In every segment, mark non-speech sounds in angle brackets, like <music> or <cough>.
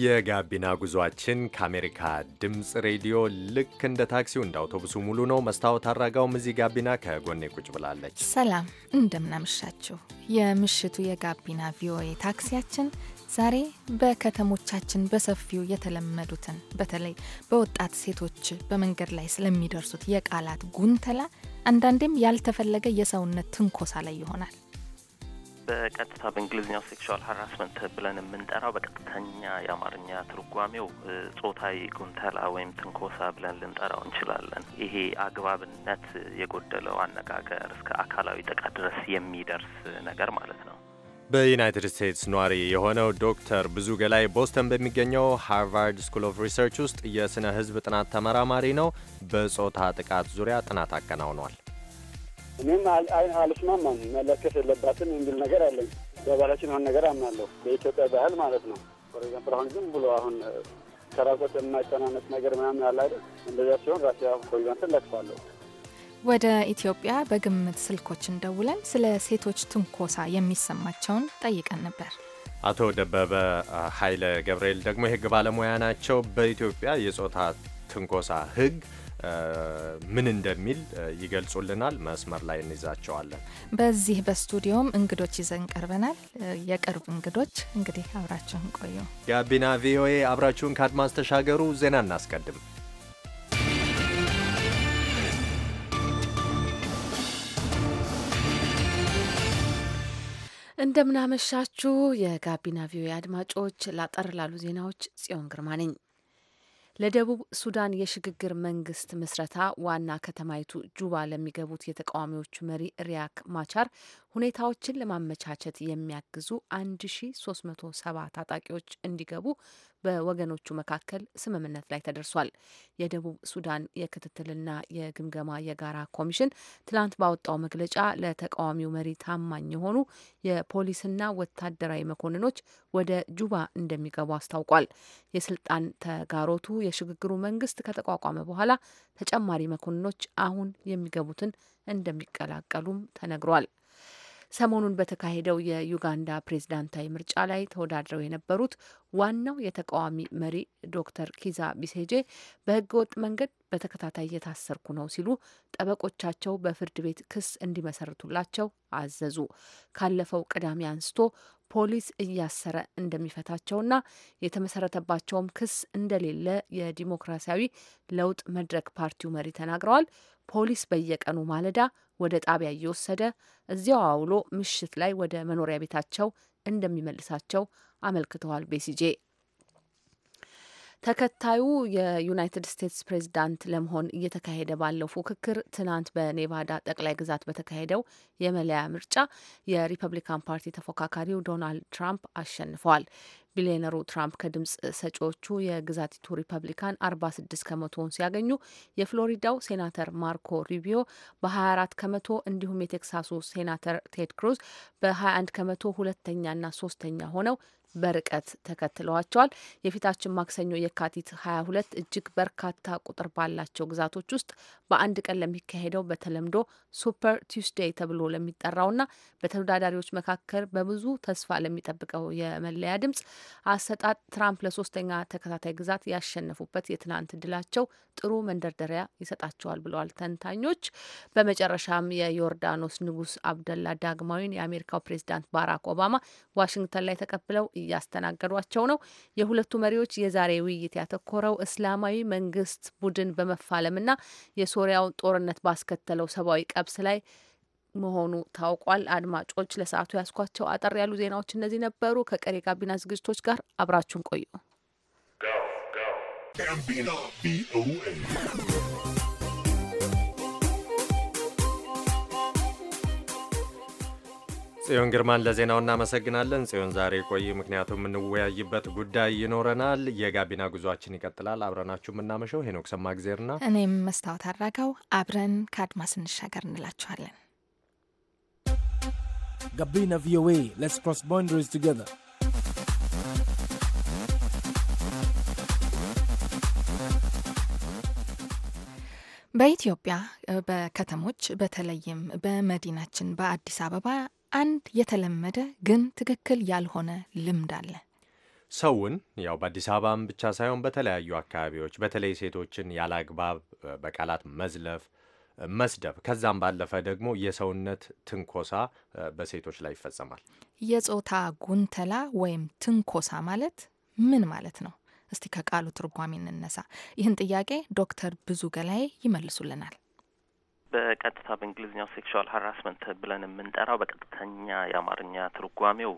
የጋቢና ጉዟችን ከአሜሪካ ድምፅ ሬዲዮ ልክ እንደ ታክሲው እንደ አውቶቡሱ ሙሉ ነው። መስታወት አራጋውም እዚህ ጋቢና ከጎኔ ቁጭ ብላለች። ሰላም እንደምናመሻችሁ። የምሽቱ የጋቢና ቪኦኤ ታክሲያችን ዛሬ በከተሞቻችን በሰፊው የተለመዱትን በተለይ በወጣት ሴቶች በመንገድ ላይ ስለሚደርሱት የቃላት ጉንተላ፣ አንዳንዴም ያልተፈለገ የሰውነት ትንኮሳ ላይ ይሆናል። በቀጥታ በእንግሊዝኛው ሴክሹዋል ሀራስመንት ብለን የምንጠራው በቀጥተኛ የአማርኛ ትርጓሜው ጾታዊ ጉንተላ ወይም ትንኮሳ ብለን ልንጠራው እንችላለን። ይሄ አግባብነት የጎደለው አነጋገር እስከ አካላዊ ጥቃት ድረስ የሚደርስ ነገር ማለት ነው። በዩናይትድ ስቴትስ ኗሪ የሆነው ዶክተር ብዙ ገላይ ቦስተን በሚገኘው ሃርቫርድ ስኩል ኦፍ ሪሰርች ውስጥ የስነ ሕዝብ ጥናት ተመራማሪ ነው። በጾታ ጥቃት ዙሪያ ጥናት አከናውኗል። እኔም አይን አልስማማም መለከት የለባትም የሚል ነገር አለኝ። በባህላችን የሆነ ነገር አምናለሁ፣ በኢትዮጵያ ባህል ማለት ነው። ፎር ኤግዛምፕል አሁን ዝም ብሎ አሁን ከራቆት የማይጠናነት ነገር ምናምን ያለ አይደል? እንደዚያ ሲሆን ራሴ ኮይዛንትን ለክፋለሁ። ወደ ኢትዮጵያ በግምት ስልኮችን ደውለን ስለ ሴቶች ትንኮሳ የሚሰማቸውን ጠይቀን ነበር። አቶ ደበበ ኃይለ ገብርኤል ደግሞ የሕግ ባለሙያ ናቸው። በኢትዮጵያ የጾታ ትንኮሳ ሕግ ምን እንደሚል ይገልጹልናል። መስመር ላይ እንይዛቸዋለን። በዚህ በስቱዲዮም እንግዶች ይዘን ቀርበናል። የቅርብ እንግዶች እንግዲህ አብራችሁን ቆዩ። ጋቢና ቪኦኤ አብራችሁን ከአድማስ ተሻገሩ። ዜና እናስቀድም። እንደምናመሻችሁ የጋቢና ቪኦኤ አድማጮች፣ ላጠር ላሉ ዜናዎች ጽዮን ግርማ ነኝ። ለደቡብ ሱዳን የሽግግር መንግስት ምስረታ ዋና ከተማይቱ ጁባ ለሚገቡት የተቃዋሚዎቹ መሪ ሪያክ ማቻር ሁኔታዎችን ለማመቻቸት የሚያግዙ 1370 ታጣቂዎች እንዲገቡ በወገኖቹ መካከል ስምምነት ላይ ተደርሷል። የደቡብ ሱዳን የክትትልና የግምገማ የጋራ ኮሚሽን ትላንት ባወጣው መግለጫ ለተቃዋሚው መሪ ታማኝ የሆኑ የፖሊስና ወታደራዊ መኮንኖች ወደ ጁባ እንደሚገቡ አስታውቋል። የስልጣን ተጋሮቱ የሽግግሩ መንግስት ከተቋቋመ በኋላ ተጨማሪ መኮንኖች አሁን የሚገቡትን እንደሚቀላቀሉም ተነግሯል። ሰሞኑን በተካሄደው የዩጋንዳ ፕሬዝዳንታዊ ምርጫ ላይ ተወዳድረው የነበሩት ዋናው የተቃዋሚ መሪ ዶክተር ኪዛ ቢሴጄ በህገወጥ መንገድ በተከታታይ እየታሰርኩ ነው ሲሉ ጠበቆቻቸው በፍርድ ቤት ክስ እንዲመሰርቱላቸው አዘዙ። ካለፈው ቅዳሜ አንስቶ ፖሊስ እያሰረ እንደሚፈታቸውና የተመሰረተባቸውም ክስ እንደሌለ የዲሞክራሲያዊ ለውጥ መድረክ ፓርቲው መሪ ተናግረዋል። ፖሊስ በየቀኑ ማለዳ ወደ ጣቢያ እየወሰደ እዚያው አውሎ ምሽት ላይ ወደ መኖሪያ ቤታቸው እንደሚመልሳቸው አመልክተዋል ቤሲጄ ተከታዩ የዩናይትድ ስቴትስ ፕሬዚዳንት ለመሆን እየተካሄደ ባለው ፉክክር ትናንት በኔቫዳ ጠቅላይ ግዛት በተካሄደው የመለያ ምርጫ የሪፐብሊካን ፓርቲ ተፎካካሪው ዶናልድ ትራምፕ አሸንፈዋል። ቢሊዮነሩ ትራምፕ ከድምፅ ሰጪዎቹ የግዛቲቱ ሪፐብሊካን 46 ከመቶውን ሲያገኙ የፍሎሪዳው ሴናተር ማርኮ ሩቢዮ በ24 ከመቶ እንዲሁም የቴክሳሱ ሴናተር ቴድ ክሩዝ በ21 ከመቶ ሁለተኛና ሶስተኛ ሆነው በርቀት ተከትለዋቸዋል። የፊታችን ማክሰኞ የካቲት 22 እጅግ በርካታ ቁጥር ባላቸው ግዛቶች ውስጥ በአንድ ቀን ለሚካሄደው በተለምዶ ሱፐር ቱስዴይ ተብሎ ለሚጠራውና በተወዳዳሪዎች መካከል በብዙ ተስፋ ለሚጠብቀው የመለያ ድምጽ አሰጣጥ ትራምፕ ለሶስተኛ ተከታታይ ግዛት ያሸነፉበት የትናንት ድላቸው ጥሩ መንደርደሪያ ይሰጣቸዋል ብለዋል ተንታኞች። በመጨረሻም የዮርዳኖስ ንጉስ አብደላ ዳግማዊን የአሜሪካው ፕሬዚዳንት ባራክ ኦባማ ዋሽንግተን ላይ ተቀብለው እያስተናገዷቸው ነው። የሁለቱ መሪዎች የዛሬ ውይይት ያተኮረው እስላማዊ መንግስት ቡድን በመፋለምና የሶሪያውን ጦርነት ባስከተለው ሰብአዊ ቀብስ ላይ መሆኑ ታውቋል። አድማጮች ለሰዓቱ ያስኳቸው አጠር ያሉ ዜናዎች እነዚህ ነበሩ። ከቀሪ ጋቢና ዝግጅቶች ጋር አብራችሁን ቆዩ። ጽዮን ግርማን ለዜናው እናመሰግናለን። ጽዮን ዛሬ ቆይ፣ ምክንያቱም የምንወያይበት ጉዳይ ይኖረናል። የጋቢና ጉዟችን ይቀጥላል። አብረናችሁ የምናመሸው ሄኖክ ሰማግዜርና እኔም መስታወት አድራገው አብረን ከአድማስ እንሻገር እንላችኋለን። ጋቢና ቪኦኤ ሌትስ ክሮስ ቦንደሪስ ቱጌዘር በኢትዮጵያ በከተሞች በተለይም በመዲናችን በአዲስ አበባ አንድ የተለመደ ግን ትክክል ያልሆነ ልምድ አለ። ሰውን ያው በአዲስ አበባም ብቻ ሳይሆን በተለያዩ አካባቢዎች በተለይ ሴቶችን ያላግባብ በቃላት መዝለፍ፣ መስደብ ከዛም ባለፈ ደግሞ የሰውነት ትንኮሳ በሴቶች ላይ ይፈጸማል። የጾታ ጉንተላ ወይም ትንኮሳ ማለት ምን ማለት ነው? እስቲ ከቃሉ ትርጓሜ እንነሳ። ይህን ጥያቄ ዶክተር ብዙ ገላይ ይመልሱልናል። በቀጥታ በእንግሊዝኛው ሴክሹዋል ሀራስመንት ብለን የምንጠራው በቀጥተኛ የአማርኛ ትርጓሜው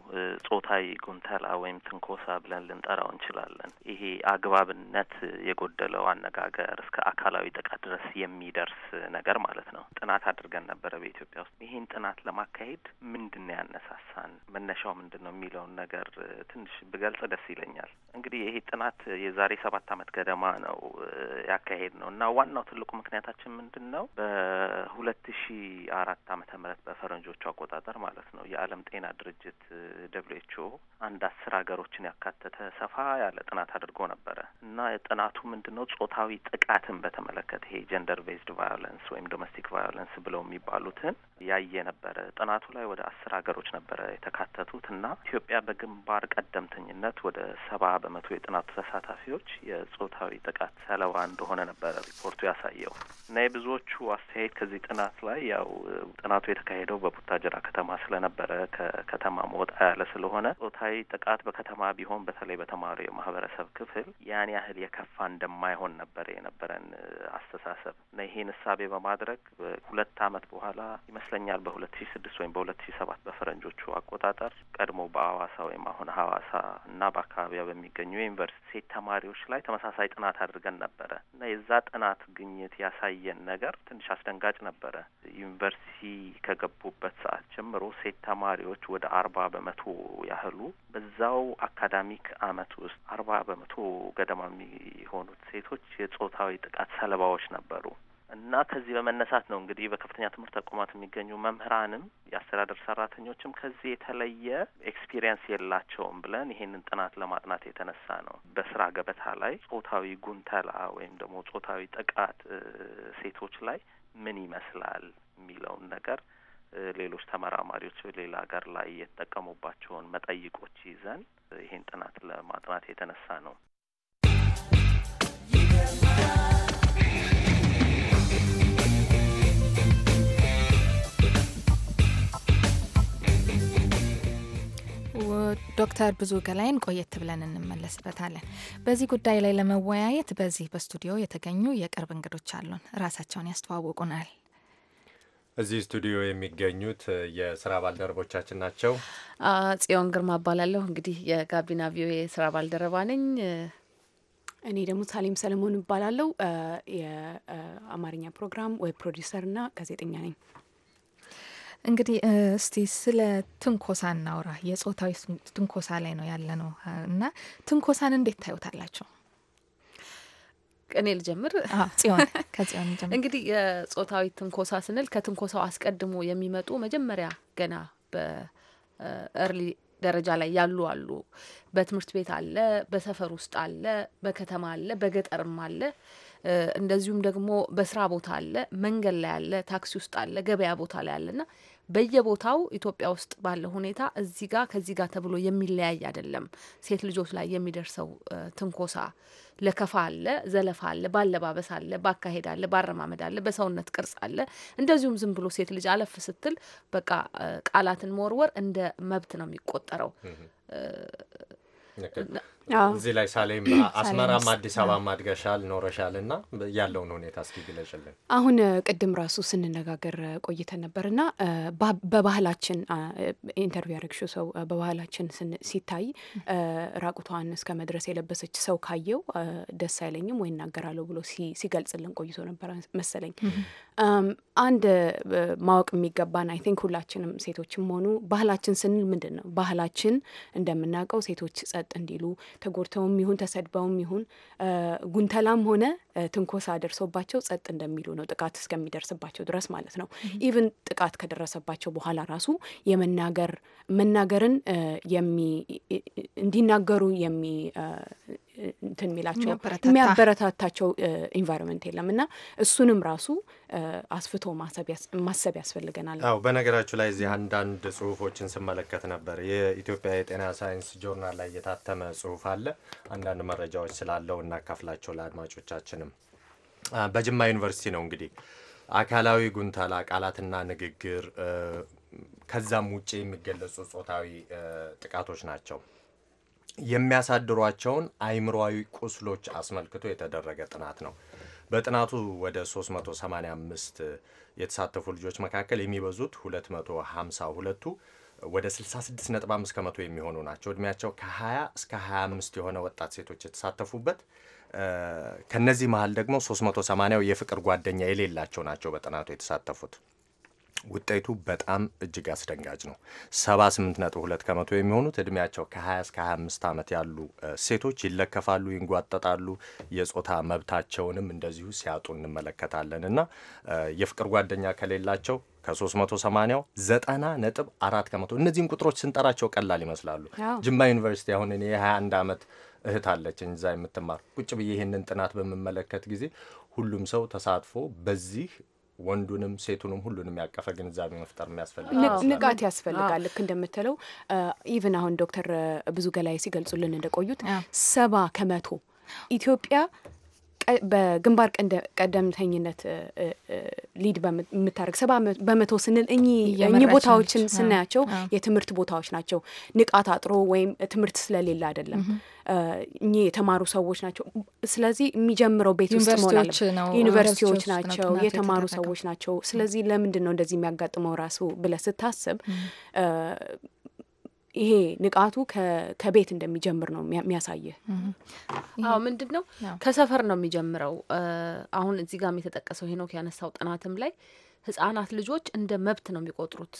ጾታዊ ጉንተላ ወይም ትንኮሳ ብለን ልንጠራው እንችላለን። ይሄ አግባብነት የጎደለው አነጋገር እስከ አካላዊ ጥቃት ድረስ የሚደርስ ነገር ማለት ነው። ጥናት አድርገን ነበረ በኢትዮጵያ ውስጥ። ይህን ጥናት ለማካሄድ ምንድን ነው ያነሳሳን፣ መነሻው ምንድን ነው የሚለውን ነገር ትንሽ ብገልጽ ደስ ይለኛል። እንግዲህ ይሄ ጥናት የዛሬ ሰባት ዓመት ገደማ ነው ያካሄድ ነው እና ዋናው ትልቁ ምክንያታችን ምንድን ነው በሁለት ሺ አራት አመተ ምህረት በፈረንጆቹ አቆጣጠር ማለት ነው የዓለም ጤና ድርጅት ደብሊው ኤች ኦ አንድ አስር ሀገሮችን ያካተተ ሰፋ ያለ ጥናት አድርጎ ነበረ እና ጥናቱ ምንድን ነው ጾታዊ ጥቃትን በተመለከተ ይሄ ጀንደር ቤዝድ ቫዮለንስ ወይም ዶሜስቲክ ቫዮለንስ ብለው የሚባሉትን ያየ ነበረ። ጥናቱ ላይ ወደ አስር ሀገሮች ነበረ የተካተቱት እና ኢትዮጵያ በግንባር ቀደምተኝነት ወደ ሰባ በመቶ የጥናቱ ተሳታፊዎች የጾታዊ ጥቃት ሰለባ እንደሆነ ነበረ ሪፖርቱ ያሳየው እና የብዙዎቹ አስተያየት ከዚህ ጥናት ላይ ያው ጥናቱ የተካሄደው በቡታጀራ ከተማ ስለነበረ ከከተማ መወጣ ያለ ስለሆነ ጾታዊ ጥቃት በከተማ ቢሆን በተለይ በተማሪ የማህበረሰብ ክፍል ያን ያህል የከፋ እንደማይሆን ነበረ የነበረን አስተሳሰብ እና ይሄን እሳቤ በማድረግ ሁለት አመት በኋላ ይመስለኛል በሁለት ሺ ስድስት ወይም በሁለት ሺ ሰባት በፈረንጆቹ አቆጣጠር ቀድሞ በአዋሳ ወይም አሁን ሀዋሳ እና በአካባቢያ በሚገኙ የዩኒቨርሲቲ ሴት ተማሪዎች ላይ ተመሳሳይ ጥናት አድርገን ነበረ እና የዛ ጥናት ግኝት ያሳየን ነገር ትንሽ አስደንጋ አዘጋጅ ነበረ። ዩኒቨርሲቲ ከገቡበት ሰዓት ጀምሮ ሴት ተማሪዎች ወደ አርባ በመቶ ያህሉ በዛው አካዳሚክ አመት ውስጥ አርባ በመቶ ገደማ የሚሆኑት ሴቶች የጾታዊ ጥቃት ሰለባዎች ነበሩ እና ከዚህ በመነሳት ነው እንግዲህ በከፍተኛ ትምህርት ተቋማት የሚገኙ መምህራንም የአስተዳደር ሰራተኞችም ከዚህ የተለየ ኤክስፒሪየንስ የላቸውም ብለን ይሄንን ጥናት ለማጥናት የተነሳ ነው። በስራ ገበታ ላይ ጾታዊ ጉንተላ ወይም ደግሞ ጾታዊ ጥቃት ሴቶች ላይ ምን ይመስላል የሚለውን ነገር ሌሎች ተመራማሪዎች ሌላ ሀገር ላይ የተጠቀሙባቸውን መጠይቆች ይዘን ይህን ጥናት ለማጥናት የተነሳ ነው። ዶክተር ብዙ ገላይን ቆየት ብለን እንመለስበታለን። በዚህ ጉዳይ ላይ ለመወያየት በዚህ በስቱዲዮ የተገኙ የቅርብ እንግዶች አሉን። ራሳቸውን ያስተዋውቁናል። እዚህ ስቱዲዮ የሚገኙት የስራ ባልደረቦቻችን ናቸው። ጽዮን ግርማ እባላለሁ። እንግዲህ የጋቢና ቪዮ የስራ ባልደረባ ነኝ። እኔ ደግሞ ሳሌም ሰለሞን እባላለሁ። የአማርኛ ፕሮግራም ፕሮዲሰር ና ጋዜጠኛ ነኝ። እንግዲህ እስቲ ስለ ትንኮሳ እናውራ። የጾታዊ ትንኮሳ ላይ ነው ያለ ነው እና ትንኮሳን እንዴት ታዩታላቸው? እኔ ልጀምር። ጽዮን <laughs> ከጽዮን ጀምር። እንግዲህ የጾታዊ ትንኮሳ ስንል ከትንኮሳው አስቀድሞ የሚመጡ መጀመሪያ ገና በእርሊ ደረጃ ላይ ያሉ አሉ። በትምህርት ቤት አለ፣ በሰፈር ውስጥ አለ፣ በከተማ አለ፣ በገጠርም አለ። እንደዚሁም ደግሞ በስራ ቦታ አለ፣ መንገድ ላይ አለ፣ ታክሲ ውስጥ አለ፣ ገበያ ቦታ ላይ አለ እና በየቦታው ኢትዮጵያ ውስጥ ባለው ሁኔታ እዚህ ጋር ከዚህ ጋር ተብሎ የሚለያይ አይደለም። ሴት ልጆች ላይ የሚደርሰው ትንኮሳ ለከፋ አለ፣ ዘለፋ አለ፣ ባለባበስ አለ፣ ባካሄድ አለ፣ ባረማመድ አለ፣ በሰውነት ቅርጽ አለ። እንደዚሁም ዝም ብሎ ሴት ልጅ አለፍ ስትል በቃ ቃላትን መወርወር እንደ መብት ነው የሚቆጠረው። እዚህ ላይ ሳሌም <clears throat> አስመራም አዲስ አበባ ማድገሻል ኖረሻል እና ያለውን ሁኔታ እስኪ ግለጭልን። አሁን ቅድም ራሱ ስንነጋገር ቆይተን ነበር እና በባህላችን ኢንተርቪው ያደረግሽው ሰው በባህላችን ሲታይ ራቁቷን እስከ መድረስ የለበሰች ሰው ካየው ደስ አይለኝም ወይ እናገራለሁ ብሎ ሲገልጽልን ቆይቶ ነበር መሰለኝ። አንድ ማወቅ የሚገባን አይ ቲንክ ሁላችንም ሴቶችም ሆኑ ባህላችን ስንል ምንድን ነው? ባህላችን እንደምናውቀው ሴቶች ጸጥ እንዲሉ ተጎድተውም ይሁን ተሰድበውም ይሁን ጉንተላም ሆነ ትንኮሳ ደርሶባቸው ጸጥ እንደሚሉ ነው፣ ጥቃት እስከሚደርስባቸው ድረስ ማለት ነው። ኢቭን ጥቃት ከደረሰባቸው በኋላ ራሱ የመናገር መናገርን እንዲናገሩ እንትን የሚላቸው የሚያበረታታቸው ኢንቫይሮንመንት የለም እና እሱንም ራሱ አስፍቶ ማሰብ ያስፈልገናል። አዎ በነገራችሁ ላይ እዚህ አንዳንድ ጽሁፎችን ስመለከት ነበር። የኢትዮጵያ የጤና ሳይንስ ጆርናል ላይ የታተመ ጽሁፍ አለ። አንዳንድ መረጃዎች ስላለው እናካፍላቸው ለአድማጮቻችንም። በጅማ ዩኒቨርሲቲ ነው እንግዲህ አካላዊ ጉንተላ፣ ቃላትና ንግግር ከዛም ውጭ የሚገለጹ ጾታዊ ጥቃቶች ናቸው የሚያሳድሯቸውን አይምሯዊ ቁስሎች አስመልክቶ የተደረገ ጥናት ነው። በጥናቱ ወደ 385 የተሳተፉ ልጆች መካከል የሚበዙት 252ቱ ወደ 66.5 ከመቶ የሚሆኑ ናቸው። እድሜያቸው ከ20 እስከ 25 የሆነ ወጣት ሴቶች የተሳተፉበት ከነዚህ መሀል ደግሞ 380ው የፍቅር ጓደኛ የሌላቸው ናቸው በጥናቱ የተሳተፉት። ውጤቱ በጣም እጅግ አስደንጋጭ ነው። 78.2 ከመቶ የሚሆኑት እድሜያቸው ከ20 እስከ 25 ዓመት ያሉ ሴቶች ይለከፋሉ፣ ይንጓጠጣሉ፣ የጾታ መብታቸውንም እንደዚሁ ሲያጡ እንመለከታለን እና የፍቅር ጓደኛ ከሌላቸው ከ380 90 ነጥብ 4 ከመቶ እነዚህን ቁጥሮች ስንጠራቸው ቀላል ይመስላሉ። ጅማ ዩኒቨርሲቲ አሁን እኔ የ21 ዓመት እህት አለችኝ እዛ የምትማር ቁጭ ብዬ ይህንን ጥናት በምመለከት ጊዜ ሁሉም ሰው ተሳትፎ በዚህ ወንዱንም ሴቱንም ሁሉንም ያቀፈ ግንዛቤ መፍጠር የሚያስፈልግ ንቃት ያስፈልጋል። ልክ እንደምትለው ኢቭን አሁን ዶክተር ብዙ ገላይ ሲገልጹልን እንደቆዩት ሰባ ከመቶ ኢትዮጵያ በግንባር ቀደምተኝነት ሊድ የምታደርግ ሰባ በመቶ ስንል እኚህ ቦታዎችን ስናያቸው የትምህርት ቦታዎች ናቸው። ንቃት አጥሮ ወይም ትምህርት ስለሌለ አይደለም። እኚህ የተማሩ ሰዎች ናቸው። ስለዚህ የሚጀምረው ቤት ውስጥ መሆን ዩኒቨርሲቲዎች ናቸው፣ የተማሩ ሰዎች ናቸው። ስለዚህ ለምንድን ነው እንደዚህ የሚያጋጥመው ራሱ ብለህ ስታስብ ይሄ ንቃቱ ከቤት እንደሚጀምር ነው የሚያሳይህ። አዎ ምንድን ነው ከሰፈር ነው የሚጀምረው። አሁን እዚህ ጋም የተጠቀሰው ሄኖክ ያነሳው ጥናትም ላይ ህጻናት ልጆች እንደ መብት ነው የሚቆጥሩት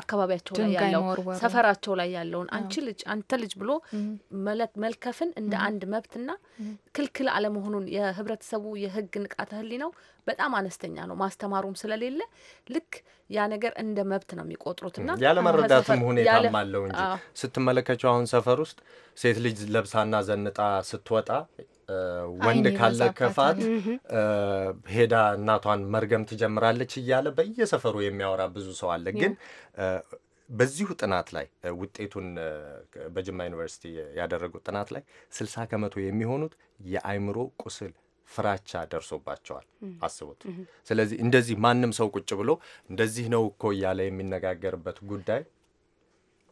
አካባቢያቸው ላይ ያለው ሰፈራቸው ላይ ያለውን አንቺ ልጅ አንተ ልጅ ብሎ መልከፍን እንደ አንድ መብትና ክልክል አለመሆኑን የህብረተሰቡ የህግ ንቃተ ህሊናው በጣም አነስተኛ ነው። ማስተማሩም ስለሌለ ልክ ያ ነገር እንደ መብት ነው የሚቆጥሩትና ያለመረዳትም ሁኔታም አለው እንጂ ስትመለከቸው አሁን ሰፈር ውስጥ ሴት ልጅ ለብሳና ዘንጣ ስትወጣ ወንድ ካለ ከፋት ሄዳ እናቷን መርገም ትጀምራለች እያለ በየሰፈሩ የሚያወራ ብዙ ሰው አለ። ግን በዚሁ ጥናት ላይ ውጤቱን በጅማ ዩኒቨርሲቲ ያደረጉት ጥናት ላይ ስልሳ ከመቶ የሚሆኑት የአይምሮ ቁስል ፍራቻ ደርሶባቸዋል። አስቡት። ስለዚህ እንደዚህ ማንም ሰው ቁጭ ብሎ እንደዚህ ነው እኮ እያለ የሚነጋገርበት ጉዳይ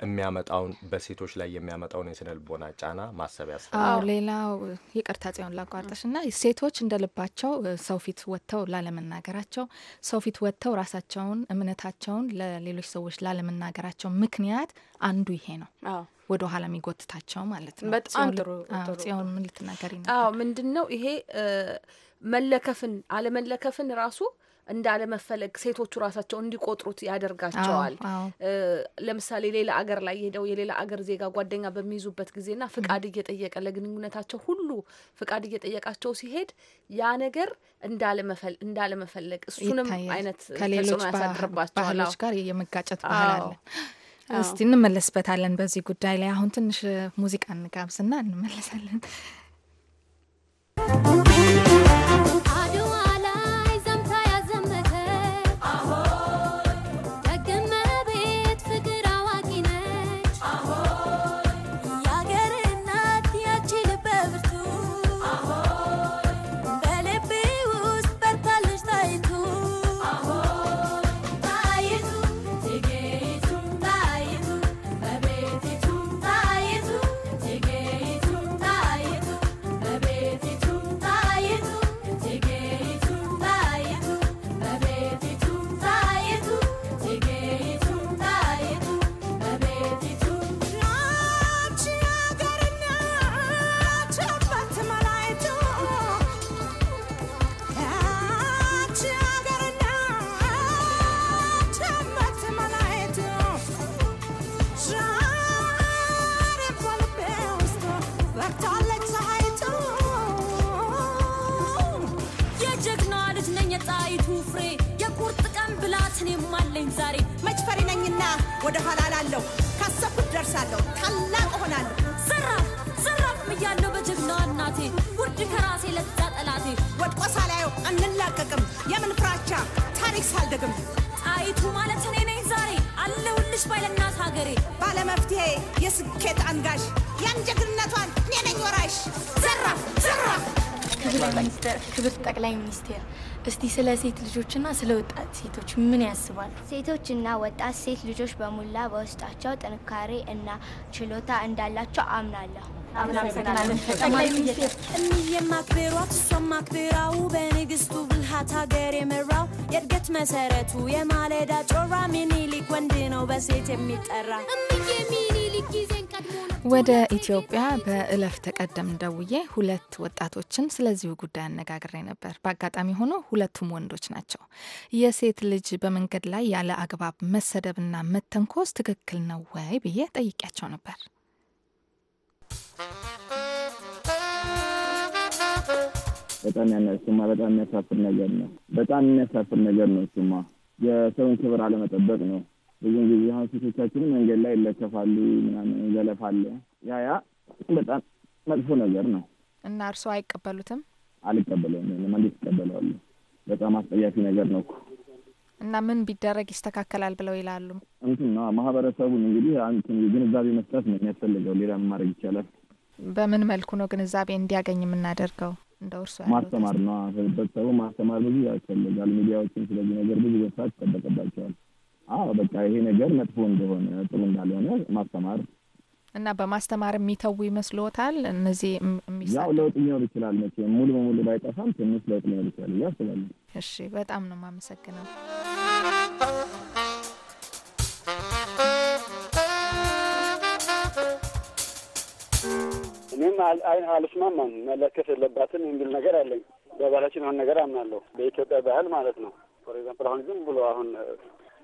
የሚያመጣውን በሴቶች ላይ የሚያመጣውን የስነ ልቦና ጫና ማሰብ ያስፈልጋል። ሌላው ይቅርታ ጽዮን ላቋርጠሽ እና ሴቶች እንደ ልባቸው ሰው ፊት ወጥተው ላለመናገራቸው ሰው ፊት ወጥተው ራሳቸውን እምነታቸውን ለሌሎች ሰዎች ላለመናገራቸው ምክንያት አንዱ ይሄ ነው። ወደ ኋላ የሚጎትታቸው ማለት ነው። በጣም ጥሩ ጽዮን፣ ምን ልትናገሪ ነው? ምንድን ነው ይሄ መለከፍን አለመለከፍን ራሱ እንዳለመፈለግ ሴቶቹ ራሳቸው እንዲቆጥሩት ያደርጋቸዋል። ለምሳሌ ሌላ አገር ላይ ሄደው የሌላ አገር ዜጋ ጓደኛ በሚይዙበት ጊዜና ፍቃድ እየጠየቀ ለግንኙነታቸው ሁሉ ፍቃድ እየጠየቃቸው ሲሄድ ያ ነገር እንዳለመፈለግ እሱንም አይነት ተጽዕኖ ያሳድርባቸዋል። ባህሎች ጋር የመጋጨት ባህል አለ። እስቲ እንመለስበታለን በዚህ ጉዳይ ላይ። አሁን ትንሽ ሙዚቃ እንጋብዝና እንመለሳለን። ወደ ኋላ ላለሁ ካሰብኩት ደርሳለሁ፣ ታላቅ እሆናለሁ። ዘራፍ ዘራፍ እያለሁ በጀግናዋ እናቴ ውድ ከራሴ ለዛ ጠላቴ ወድቆ ሳላየው አንላቀቅም። የምን ፍራቻ ታሪክ ሳልደግም ጣይቱ ማለት እኔ ነኝ ዛሬ አለሁልሽ ባይለናት ሀገሬ ባለመፍትሄ የስኬት አንጋሽ ያን ጀግንነቷን እኔ ነኝ ወራሽ። ዘራፍ ዘራፍ ክብር ጠቅላይ ሚኒስቴር እስቲ ስለ ሴት ልጆችና ስለ ወጣት ሴቶች ምን ያስባሉ? ሴቶችና ወጣት ሴት ልጆች በሙላ በውስጣቸው ጥንካሬ እና ችሎታ እንዳላቸው አምናለሁ። እምዬም እሷም በንግስቱ ብልሃት ሀገር የመራው የእድገት መሰረቱ የማለዳ ጮራ ሚኒሊክ ወንድ ነው በሴት የሚጠራ ወደ ኢትዮጵያ በእለፍ ተቀደም ደውዬ ሁለት ወጣቶችን ስለዚሁ ጉዳይ አነጋግሬ ነበር። በአጋጣሚ ሆኖ ሁለቱም ወንዶች ናቸው። የሴት ልጅ በመንገድ ላይ ያለ አግባብ መሰደብና መተንኮስ ትክክል ነው ወይ ብዬ ጠይቂያቸው ነበር። በጣም ያነሱማ በጣም የሚያሳፍር ነገር ነው። በጣም የሚያሳፍር ነገር ነው። እሱማ የሰውን ክብር አለመጠበቅ ነው። ብዙን ጊዜ ሴቶቻችን መንገድ ላይ ይለከፋሉ፣ ምናምን ዘለፋለ። ያ ያ በጣም መጥፎ ነገር ነው እና እርስዎ አይቀበሉትም? አልቀበለውም። እንዴት ይቀበለዋሉ? በጣም አስጠያፊ ነገር ነው እኮ እና ምን ቢደረግ ይስተካከላል ብለው ይላሉ? እንትን ነው ማህበረሰቡን እንግዲህ እንትን ግንዛቤ መስጠት ነው የሚያስፈልገው። ሌላ ማድረግ ይቻላል? በምን መልኩ ነው ግንዛቤ እንዲያገኝ የምናደርገው? እንደ እርሱ ማስተማር ነው። ህብረተሰቡ ማስተማር ብዙ ያስፈልጋል። ሚዲያዎችን ስለዚህ ነገር ብዙ በሳት ይጠበቅባቸዋል። አዎ በቃ ይሄ ነገር መጥፎ እንደሆነ ጥሩ እንዳልሆነ ማስተማር እና በማስተማር የሚተዉ ይመስልዎታል? እነዚህ ያው ለውጥ ሊኖር ይችላል መቼም ሙሉ በሙሉ ባይጠፋም ትንሽ ለውጥ ሊኖር ይችላል እያስባለሁ። እሺ፣ በጣም ነው የማመሰግነው። እኔም አይን አልስማማም መለከት የለባትም የሚል ነገር አለኝ። በባህላችን የሆነ ነገር አምናለሁ፣ በኢትዮጵያ ባህል ማለት ነው። ፎር ኤግዛምፕል አሁን ዝም ብሎ አሁን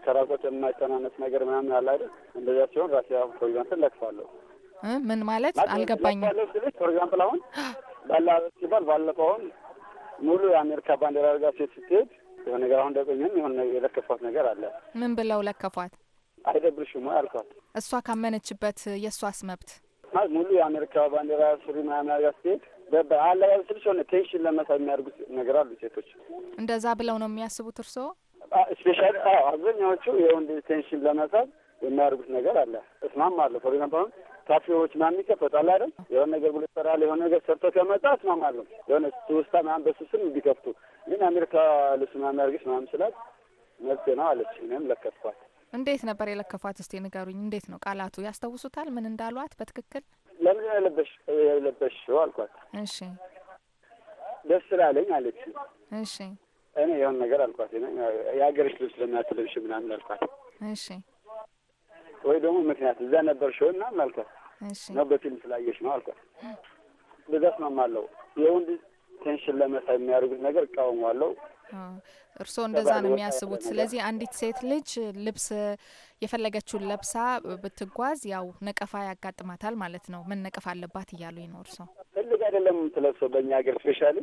ከራቆት የማይተናነስ ነገር ምናምን አለ አይደል? እንደዚያ ሲሆን ራሴ አሁን ፕሮግራንትን ለክፋለሁ። ምን ማለት አልገባኝም። ስልሽ ፕሮግራምፕል አሁን ባለ ሲባል ባለፈው አሁን ሙሉ የአሜሪካ ባንዲራ አድርጋ ሴት ስትሄድ የሆነ ነገር አሁን ደቆኝም የሆነ የለከፏት ነገር አለ። ምን ብለው ለከፏት? አይደብርሽም ወይ አልኳት። እሷ ካመነችበት የእሷስ መብት ሙሉ የአሜሪካ ባንዲራ ሱሪ ምናምን አድርጋ ስትሄድ አለባበስልሽ የሆነ ቴንሽን ለመሳብ የሚያደርጉት ነገር አሉ ሴቶች። እንደዛ ብለው ነው የሚያስቡት እርስዎ ስፔሻል አብዛኛዎቹ የወንድ ቴንሽን ለመሳብ የሚያደርጉት ነገር አለ። እስማማለሁ። ፎር ኤግዛምፕል ካፌዎች ምናምን ይከፈታል አይደል? የሆነ ነገር ብሎ ይሰራል። የሆነ ነገር ሰርቶ ከመጣ እስማማለሁ። የሆነ ትውስታ ምናምን በሱ ስም ቢከፍቱ ግን አሜሪካ ልሱ ምናምን ያርግሽ ምናምን ስላት መብቴ ነው አለች። እኔም ለከፍኳት። እንዴት ነበር የለከፏት? እስቲ ንገሩኝ። እንዴት ነው ቃላቱ? ያስታውሱታል? ምን እንዳሏት በትክክል? ለምን የለበሽ የለበሽ አልኳት። እሺ ደስ ስላለኝ አለች። እሺ እኔ የሆን ነገር አልኳት፣ የሀገርሽ ልብስ ለምን አትለብሽ ምናምን አልኳት። እሺ ወይ ደግሞ ምክንያት እዛ ነበርሽ ወይ ምናምን አልኳት። ነው በፊልም ስላየሽ ነው አልኳት። በዛ እስማማለሁ። የወንድ ቴንሽን ለመሳብ የሚያደርጉት ነገር እቃወማለሁ። እርስዎ እንደዛ ነው የሚያስቡት። ስለዚህ አንዲት ሴት ልጅ ልብስ የፈለገችውን ለብሳ ብትጓዝ ያው ነቀፋ ያጋጥማታል ማለት ነው። ምን መነቀፍ አለባት እያሉ ይኖር ሰው ፈልግ አይደለም የምትለብሰው በእኛ ሀገር ስፔሻሊ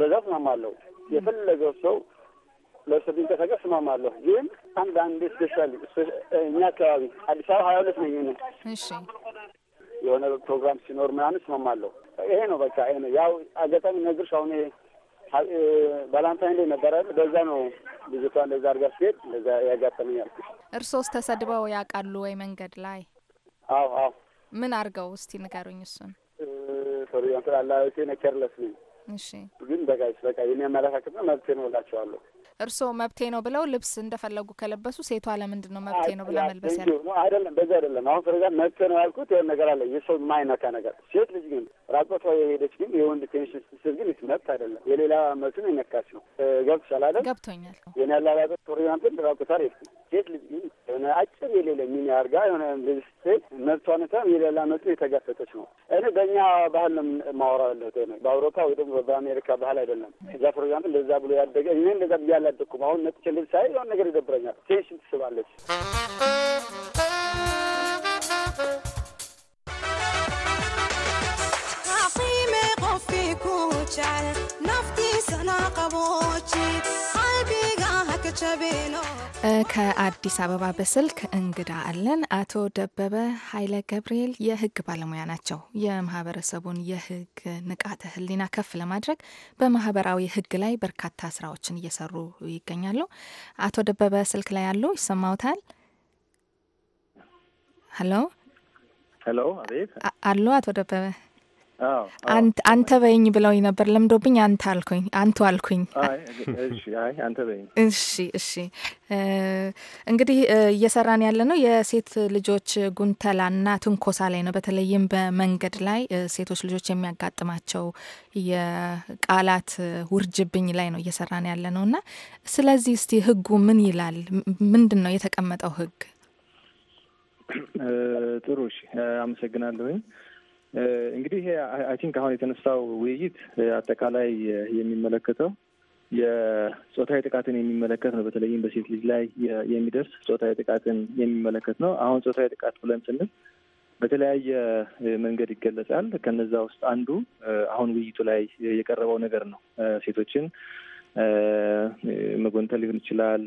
በዛ ስማማለሁ። የፈለገው ሰው ለብሰ ቢንቀሳቀስ ስማማለሁ። ግን አንዳንዴ ስፔሻሊ እኛ አካባቢ አዲስ አበባ ሀያ ሁለት ነኝ የሆነ ፕሮግራም ሲኖር ምናምን ስማማለሁ። ይሄ ነው በቃ ይሄ ነው ያው አጋጣሚ ነግርሽ አሁን ባላንታይን ላይ ነበረ። በዛ ነው ልጅቷ እንደዛ አድርጋ ሲሄድ እንደዛ ያጋጠመኛል። እርሶስ ተሰድበው ያውቃሉ ወይ መንገድ ላይ? አዎ አዎ። ምን አድርገው እስቲ ንገሩኝ እሱን። ሶሪ ንትላላ ሴነ ኬርለስ ነኝ ግን በቃ በቃ አመለካከት ነው መብቴ ነው እላቸዋለሁ። እርስዎ መብቴ ነው ብለው ልብስ እንደፈለጉ ከለበሱ ሴቷ ለምንድን ነው መብቴ ነው ብለ መልበስ ያለ? አይደለም በዚህ አይደለም። አሁን ፍረጋ መብቴ ነው ያልኩት ይሆን ነገር አለ የሰው የማይነካ ነገር ሴት ልጅ ግን ራቆቷ የሄደች ግን የወንድ ፔንሽን ስትስብ ግን መብት አይደለም። የሌላ መብትን የነካች ነው። ገብቶሻል አይደል? ገብቶኛል። የኔ ያላላጠ ቶሪናንት ራቆቷ ሬት ሴት ልጅ የሆነ አጭር የሌለ ሚኒ አርጋ የሆነ ልጅ ሴት መብቷን ሳይሆን የሌላ መብትን የተጋፈጠች ነው። እኔ በእኛ ባህል ነው የማወራው ያለሁት። በአውሮፓ ወይ ደግሞ በአሜሪካ ባህል አይደለም። እዛ ፕሮግራም ለዛ ብሎ ያደገ እኔ እንደዛ ብዬ አላደኩም። አሁን ነጥቼ ልብስ ሳይ የሆነ ነገር ይደብረኛል። ቴንሽን ትስባለች። ከአዲስ አበባ በስልክ እንግዳ አለን። አቶ ደበበ ኃይለ ገብርኤል የህግ ባለሙያ ናቸው። የማህበረሰቡን የህግ ንቃተ ህሊና ከፍ ለማድረግ በማህበራዊ ህግ ላይ በርካታ ስራዎችን እየሰሩ ይገኛሉ። አቶ ደበበ ስልክ ላይ ያሉ ይሰማውታል? ሄሎ ሄሎ፣ አቤት አሉ አቶ ደበበ አንተ በይኝ ብለውኝ ነበር። ለምዶብኝ አንተ አልኩኝ፣ አንቱ አልኩኝ። እሺ፣ እሺ። እንግዲህ እየሰራን ያለ ነው የሴት ልጆች ጉንተላና ትንኮሳ ላይ ነው። በተለይም በመንገድ ላይ ሴቶች ልጆች የሚያጋጥማቸው የቃላት ውርጅብኝ ላይ ነው እየሰራን ያለ ነው እና ስለዚህ እስቲ ህጉ ምን ይላል? ምንድን ነው የተቀመጠው ህግ? ጥሩ እሺ፣ አመሰግናለሁኝ። እንግዲህ ይሄ አይ ቲንክ አሁን የተነሳው ውይይት አጠቃላይ የሚመለከተው የጾታዊ ጥቃትን የሚመለከት ነው። በተለይም በሴት ልጅ ላይ የሚደርስ ጾታዊ ጥቃትን የሚመለከት ነው። አሁን ጾታዊ ጥቃት ብለን ስንል በተለያየ መንገድ ይገለጻል። ከነዛ ውስጥ አንዱ አሁን ውይይቱ ላይ የቀረበው ነገር ነው። ሴቶችን መጎንተል ሊሆን ይችላል፣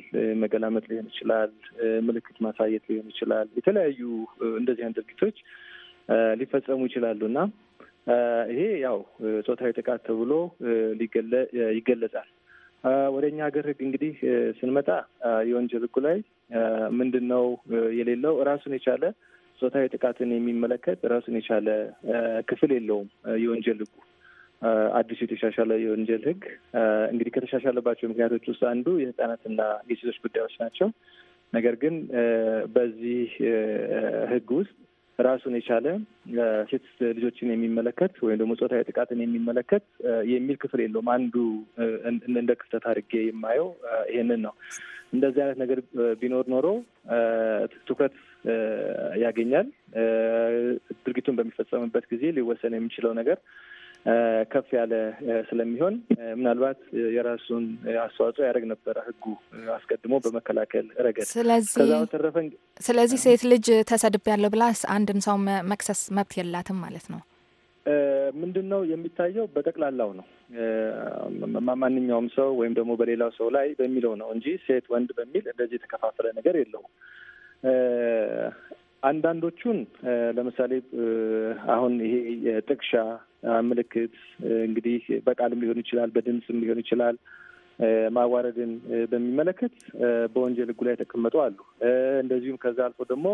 መገላመጥ ሊሆን ይችላል፣ ምልክት ማሳየት ሊሆን ይችላል። የተለያዩ እንደዚህ አይነት ድርጊቶች ሊፈጸሙ ይችላሉ እና ይሄ ያው ጾታዊ ጥቃት ተብሎ ይገለጻል። ወደ እኛ ሀገር ህግ እንግዲህ ስንመጣ የወንጀል ህጉ ላይ ምንድን ነው የሌለው? ራሱን የቻለ ጾታዊ ጥቃትን የሚመለከት ራሱን የቻለ ክፍል የለውም የወንጀል ህጉ አዲሱ የተሻሻለ የወንጀል ህግ እንግዲህ ከተሻሻለባቸው ምክንያቶች ውስጥ አንዱ የህፃናትና የሴቶች ጉዳዮች ናቸው። ነገር ግን በዚህ ህግ ውስጥ ራሱን የቻለ ሴት ልጆችን የሚመለከት ወይም ደግሞ ጾታዊ ጥቃትን የሚመለከት የሚል ክፍል የለውም። አንዱ እንደ ክፍተት አድርጌ የማየው ይሄንን ነው። እንደዚህ አይነት ነገር ቢኖር ኖሮ ትኩረት ያገኛል። ድርጊቱን በሚፈጸምበት ጊዜ ሊወሰን የሚችለው ነገር ከፍ ያለ ስለሚሆን ምናልባት የራሱን አስተዋጽኦ ያደርግ ነበረ ህጉ አስቀድሞ በመከላከል ረገድ። ስለዚህ ስለዚህ ሴት ልጅ ተሰድብ ያለው ብላስ አንድን ሰው መክሰስ መብት የላትም ማለት ነው። ምንድን ነው የሚታየው? በጠቅላላው ነው ማንኛውም ሰው ወይም ደግሞ በሌላው ሰው ላይ በሚለው ነው እንጂ ሴት ወንድ በሚል እንደዚህ የተከፋፈለ ነገር የለውም። አንዳንዶቹን ለምሳሌ አሁን ይሄ የጥቅሻ ምልክት እንግዲህ በቃልም ሊሆን ይችላል፣ በድምፅም ሊሆን ይችላል። ማዋረድን በሚመለከት በወንጀል ህጉ ላይ የተቀመጡ አሉ። እንደዚሁም ከዛ አልፎ ደግሞ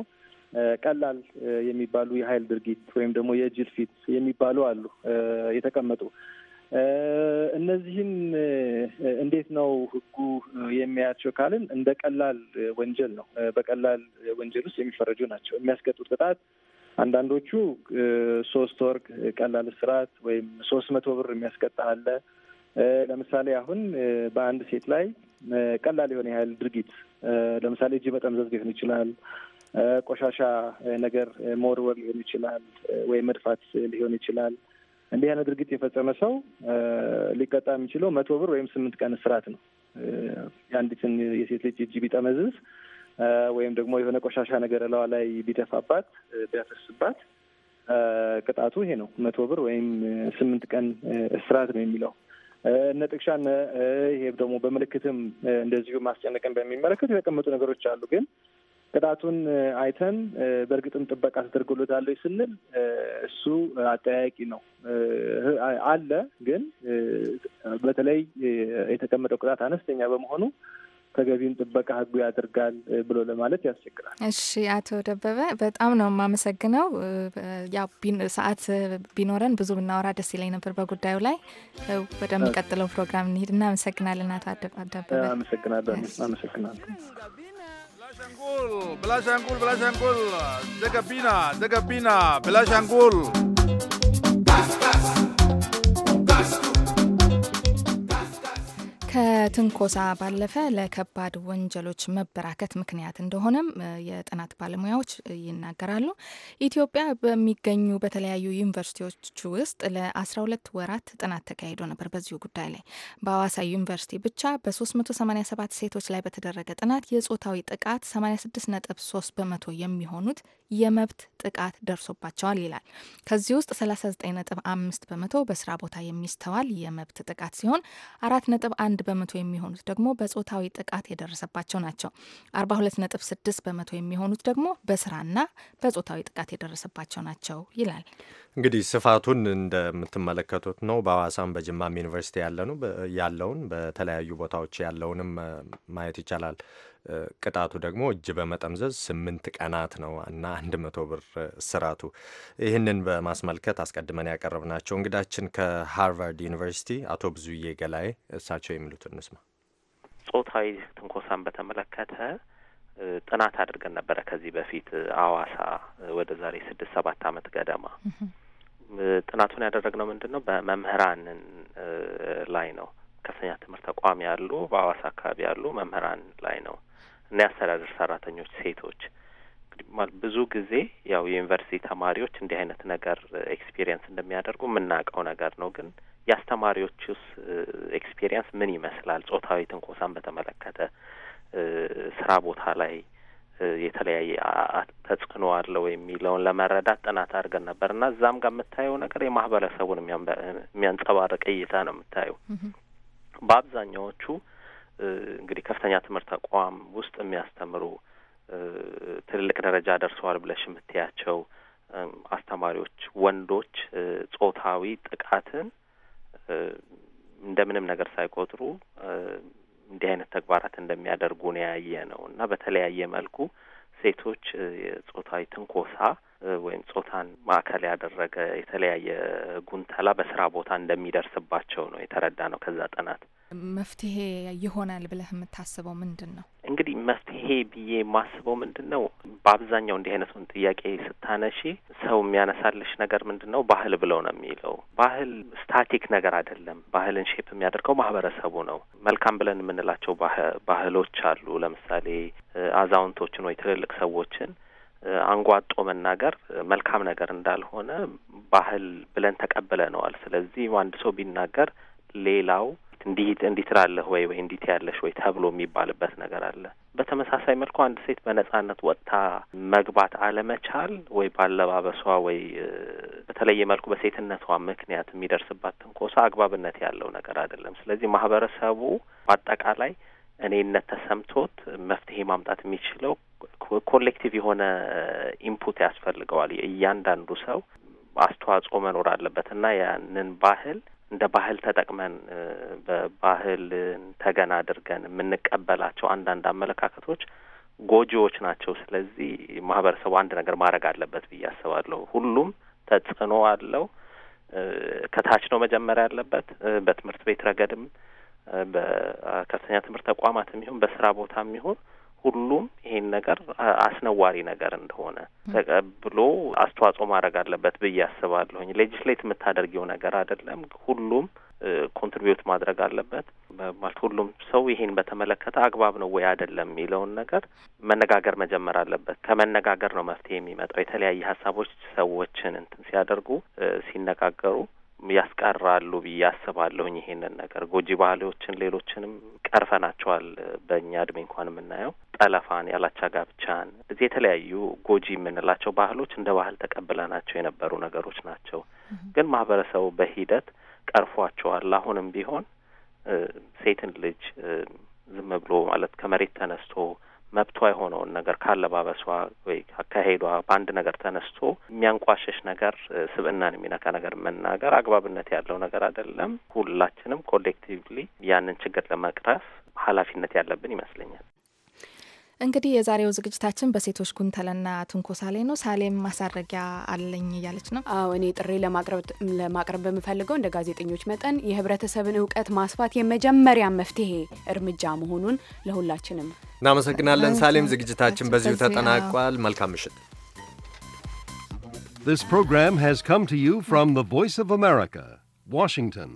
ቀላል የሚባሉ የኃይል ድርጊት ወይም ደግሞ የእጅ ፊት የሚባሉ አሉ የተቀመጡ። እነዚህን እንዴት ነው ህጉ የሚያያቸው ካልን እንደ ቀላል ወንጀል ነው። በቀላል ወንጀል ውስጥ የሚፈረጁ ናቸው። የሚያስቀጡት ቅጣት አንዳንዶቹ ሶስት ወር ቀላል እስራት ወይም ሶስት መቶ ብር የሚያስቀጣ አለ። ለምሳሌ አሁን በአንድ ሴት ላይ ቀላል የሆነ ያህል ድርጊት ለምሳሌ እጅ መጠምዘዝ ሊሆን ይችላል፣ ቆሻሻ ነገር መወርወር ሊሆን ይችላል፣ ወይም መድፋት ሊሆን ይችላል። እንዲህ አይነት ድርጊት የፈጸመ ሰው ሊቀጣ የሚችለው መቶ ብር ወይም ስምንት ቀን እስራት ነው። የአንዲትን የሴት ልጅ እጅ ቢጠመዝዝ ወይም ደግሞ የሆነ ቆሻሻ ነገር እላዋ ላይ ቢደፋባት ቢያፈስባት ቅጣቱ ይሄ ነው፣ መቶ ብር ወይም ስምንት ቀን እስራት ነው የሚለው እነ ጥቅሻን ይሄ ደግሞ በምልክትም እንደዚሁ ማስጨነቅን በሚመለከት የተቀመጡ ነገሮች አሉ። ግን ቅጣቱን አይተን በእርግጥም ጥበቃ ተደርጎለታል ስንል እሱ አጠያያቂ ነው አለ። ግን በተለይ የተቀመጠው ቅጣት አነስተኛ በመሆኑ ተገቢውን ጥበቃ ህጉ ያደርጋል ብሎ ለማለት ያስቸግራል። እሺ አቶ ደበበ በጣም ነው የማመሰግነው። ያው ሰዓት ቢኖረን ብዙ ብናወራ ደስ ይለኝ ነበር በጉዳዩ ላይ። ወደሚቀጥለው ፕሮግራም እንሄድ። እናመሰግናለን አቶ ደበበ። አመሰግናለሁ። አመሰግናለሁ። ብላሻንጉል ብላሻንጉል ብላሻንጉል ዘገቢና ዘገቢና ብላሻንጉል ከትንኮሳ ባለፈ ለከባድ ወንጀሎች መበራከት ምክንያት እንደሆነም የጥናት ባለሙያዎች ይናገራሉ። ኢትዮጵያ በሚገኙ በተለያዩ ዩኒቨርሲቲዎች ውስጥ ለ12 ወራት ጥናት ተካሂዶ ነበር። በዚሁ ጉዳይ ላይ በአዋሳ ዩኒቨርሲቲ ብቻ በ387 ሴቶች ላይ በተደረገ ጥናት የጾታዊ ጥቃት 86.3 በመቶ የሚሆኑት የመብት ጥቃት ደርሶባቸዋል ይላል። ከዚህ ውስጥ 39.5 በመቶ በስራ ቦታ የሚስተዋል የመብት ጥቃት ሲሆን 4.1 አንድ በመቶ የሚሆኑት ደግሞ በጾታዊ ጥቃት የደረሰባቸው ናቸው። ስድስት በመቶ የሚሆኑት ደግሞ በስራና በጾታዊ ጥቃት የደረሰባቸው ናቸው ይላል። እንግዲህ ስፋቱን እንደምትመለከቱት ነው። በሐዋሳም በጅማም ዩኒቨርሲቲ ያለውን በተለያዩ ቦታዎች ያለውንም ማየት ይቻላል። ቅጣቱ ደግሞ እጅ በመጠምዘዝ ስምንት ቀናት ነው እና አንድ መቶ ብር እስራቱ። ይህንን በማስመልከት አስቀድመን ያቀረብናቸው እንግዳችን ከሃርቫርድ ዩኒቨርሲቲ አቶ ብዙዬ ገላይ እሳቸው የሚሉት እንስማ። ጾታዊ ትንኮሳን በተመለከተ ጥናት አድርገን ነበረ ከዚህ በፊት አዋሳ ወደ ዛሬ ስድስት ሰባት ዓመት ገደማ ጥናቱን ያደረግነው ምንድን ነው በመምህራንን ላይ ነው። ከፍተኛ ትምህርት ተቋም ያሉ በአዋሳ አካባቢ ያሉ መምህራን ላይ ነው እና የአስተዳደር ሰራተኞች ሴቶች ብዙ ጊዜ ያው የዩኒቨርሲቲ ተማሪዎች እንዲህ አይነት ነገር ኤክስፒሪየንስ እንደሚያደርጉ የምናውቀው ነገር ነው። ግን የአስተማሪዎቹስ ኤክስፒሪየንስ ምን ይመስላል? ጾታዊ ትንኮሳን በተመለከተ ስራ ቦታ ላይ የተለያየ ተጽዕኖ አለው የሚለውን ለመረዳት ጥናት አድርገን ነበር እና እዛም ጋር የምታየው ነገር የማህበረሰቡን የሚያንጸባርቅ እይታ ነው የምታየው። በአብዛኛዎቹ እንግዲህ ከፍተኛ ትምህርት ተቋም ውስጥ የሚያስተምሩ ትልልቅ ደረጃ ደርሰዋል ብለሽ የምትያቸው አስተማሪዎች ወንዶች ጾታዊ ጥቃትን እንደምንም ነገር ሳይቆጥሩ እንዲህ አይነት ተግባራት እንደሚያደርጉ ነው ያየ ነው እና በተለያየ መልኩ ሴቶች የጾታዊ ትንኮሳ ወይም ጾታን ማዕከል ያደረገ የተለያየ ጉንተላ በስራ ቦታ እንደሚደርስባቸው ነው የተረዳ ነው ከዛ ጥናት። መፍትሄ ይሆናል ብለህ የምታስበው ምንድን ነው? እንግዲህ መፍትሄ ብዬ የማስበው ምንድን ነው፣ በአብዛኛው እንዲህ አይነቱን ጥያቄ ስታነሺ ሰው የሚያነሳልሽ ነገር ምንድን ነው? ባህል ብለው ነው የሚለው። ባህል ስታቲክ ነገር አይደለም። ባህልን ሼፕ የሚያደርገው ማህበረሰቡ ነው። መልካም ብለን የምንላቸው ባህሎች አሉ። ለምሳሌ አዛውንቶችን ወይ ትልልቅ ሰዎችን አንጓጦ መናገር መልካም ነገር እንዳልሆነ ባህል ብለን ተቀብለነዋል። ስለዚህ አንድ ሰው ቢናገር ሌላው እንዲህ እንዲህ ትላለህ ወይ ወይ እንዲት ያለሽ ወይ ተብሎ የሚባልበት ነገር አለ። በተመሳሳይ መልኩ አንድ ሴት በነጻነት ወጥታ መግባት አለመቻል ወይ ባለባበሷ ወይ በተለየ መልኩ በሴትነቷ ምክንያት የሚደርስባት ትንኮሳ አግባብነት ያለው ነገር አይደለም። ስለዚህ ማህበረሰቡ በአጠቃላይ እኔነት ተሰምቶት መፍትሄ ማምጣት የሚችለው ኮሌክቲቭ የሆነ ኢንፑት ያስፈልገዋል። እያንዳንዱ ሰው አስተዋጽኦ መኖር አለበት እና ያንን ባህል እንደ ባህል ተጠቅመን በባህልን ተገን አድርገን የምንቀበላቸው አንዳንድ አመለካከቶች ጎጂዎች ናቸው። ስለዚህ ማህበረሰቡ አንድ ነገር ማድረግ አለበት ብዬ አስባለሁ። ሁሉም ተጽዕኖ አለው። ከታች ነው መጀመሪያ ያለበት። በትምህርት ቤት ረገድም በከፍተኛ ትምህርት ተቋማትም ይሁን በስራ ቦታም ይሁን ሁሉም ይሄን ነገር አስነዋሪ ነገር እንደሆነ ተቀብሎ አስተዋጽኦ ማድረግ አለበት ብዬ አስባለሁኝ። ሌጅስሌት የምታደርጊው ነገር አይደለም። ሁሉም ኮንትሪቢዩት ማድረግ አለበት ማለት ሁሉም ሰው ይሄን በተመለከተ አግባብ ነው ወይ አይደለም የሚለውን ነገር መነጋገር መጀመር አለበት። ከመነጋገር ነው መፍትሄ የሚመጣው። የተለያየ ሀሳቦች ሰዎችን እንትን ሲያደርጉ ሲነጋገሩ ያስቀራሉ ብዬ አስባለሁኝ። ይሄንን ነገር ጎጂ ባህሎችን ሌሎችንም ቀርፈናቸዋል። በእኛ እድሜ እንኳን የምናየው ጠለፋን፣ ያላቻ ጋብቻን፣ እዚህ የተለያዩ ጎጂ የምንላቸው ባህሎች እንደ ባህል ተቀብለናቸው የነበሩ ነገሮች ናቸው። ግን ማህበረሰቡ በሂደት ቀርፏቸዋል። አሁንም ቢሆን ሴትን ልጅ ዝም ብሎ ማለት ከመሬት ተነስቶ መብቷ የሆነውን ነገር ካለባበሷ ወይ ከሄዷ በአንድ ነገር ተነስቶ የሚያንቋሸሽ ነገር፣ ስብእናን የሚነካ ነገር መናገር አግባብነት ያለው ነገር አይደለም። ሁላችንም ኮሌክቲቭሊ ያንን ችግር ለመቅረፍ ኃላፊነት ያለብን ይመስለኛል። እንግዲህ የዛሬው ዝግጅታችን በሴቶች ጉንተለና ትንኮሳ ላይ ነው። ሳሌም ማሳረጊያ አለኝ እያለች ነው። አዎ እኔ ጥሪ ለማቅረብ በምፈልገው እንደ ጋዜጠኞች መጠን የህብረተሰብን እውቀት ማስፋት የመጀመሪያ መፍትሄ እርምጃ መሆኑን ለሁላችንም እናመሰግናለን። ሳሌም ዝግጅታችን በዚሁ ተጠናቋል። መልካም ምሽት። This program has come to you from the Voice of America, Washington.